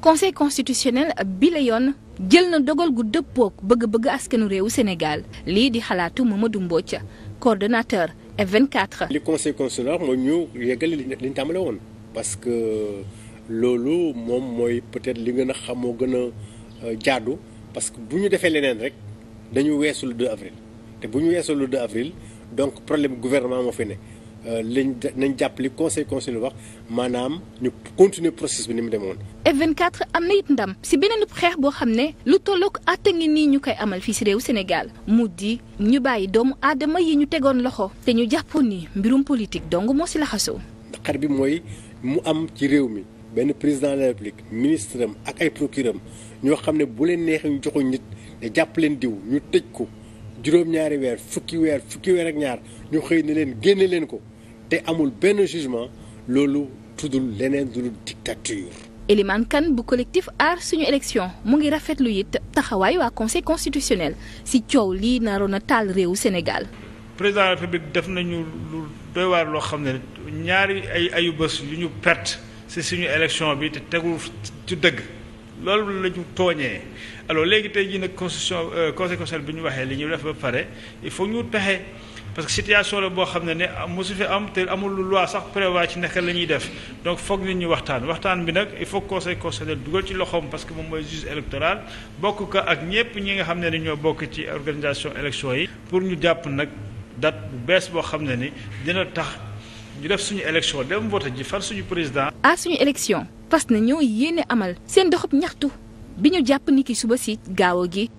conseil constitutionnel bi la yoon jël na dogal gu dëppook bëgg-bëgg askanu réewu Sénégal lii di xalaatu Mamadou Mbodj coordonnateur F24. li conseil constitutionnel mooy ñu yeggali li ñu tàmbale woon parce que loolu moom mooy peut-être li gën a xam moo gën a euh, jaadu parce que bu ñu defee leneen rek dañuy weesu le 2 avril te bu ñu weesu lu 2 avril donc problème gouvernement moo fi ne. Euh, lañ nañ jàppale conseil lu wax maanaam ñu continuer processus bi ni mu demoon. F24 am na it ndam si beneen xeex boo xam ne lu tollook at a ngi nii ñu koy amal fii si réew Sénégal mu di ñu bàyyi doomu aadama yi ñu tegoon loxo te ñu jàppoon ni mbirum politique dong moo si laxasoo. xar bi mooy mu am ci réew mi benn président de république ministre am ak ay procureur am ñoo xam ne bu leen neexee ñu joxoon nit te jàpp leen diw ñu tëj ko juróom weer fukki weer fukki weer ak ñaar ñu xëy ne leen génne leen ko. te amul benn jugement loolu tuddul leneen dul dictature. Elimane kan bu collectif aar suñu élection mu ngi rafetlu it taxawaay waa conseil constitutionnel si coow lii naroon a taal réewu Sénégal. président de def nañu lu doy waar loo xam ne ñaari ay ayu bés yu ñu perte si suñu élection bi te tegul ci dëgg. loolu la ñu tooñee alors léegi tey jii nag constitution euh, conseil bi ñu waxee li ñu def ba pare il faut ñu pexe. parce que situation la boo xam ne ne mosu fi am te amul lu loi sax prévoir ci naka la ñuy def donc foog nit ñi waxtaan waxtaan bi nag il faut conseil constitutionnel dugal ci loxoom parce que moom mooy juge électoral bokk ko ak ñëpp ñi nga xam ne ni ñoo bokk ci organisation élection yi. pour ñu jàpp nag date bu bees boo xam ne ni dina tax ñu def suñu élection dem vote ji fan suñu président. à suñu élection fas na ñoo yéene amal seen doxub ñaxtu bi ñu jàpp ni ki suba si gaaw gi.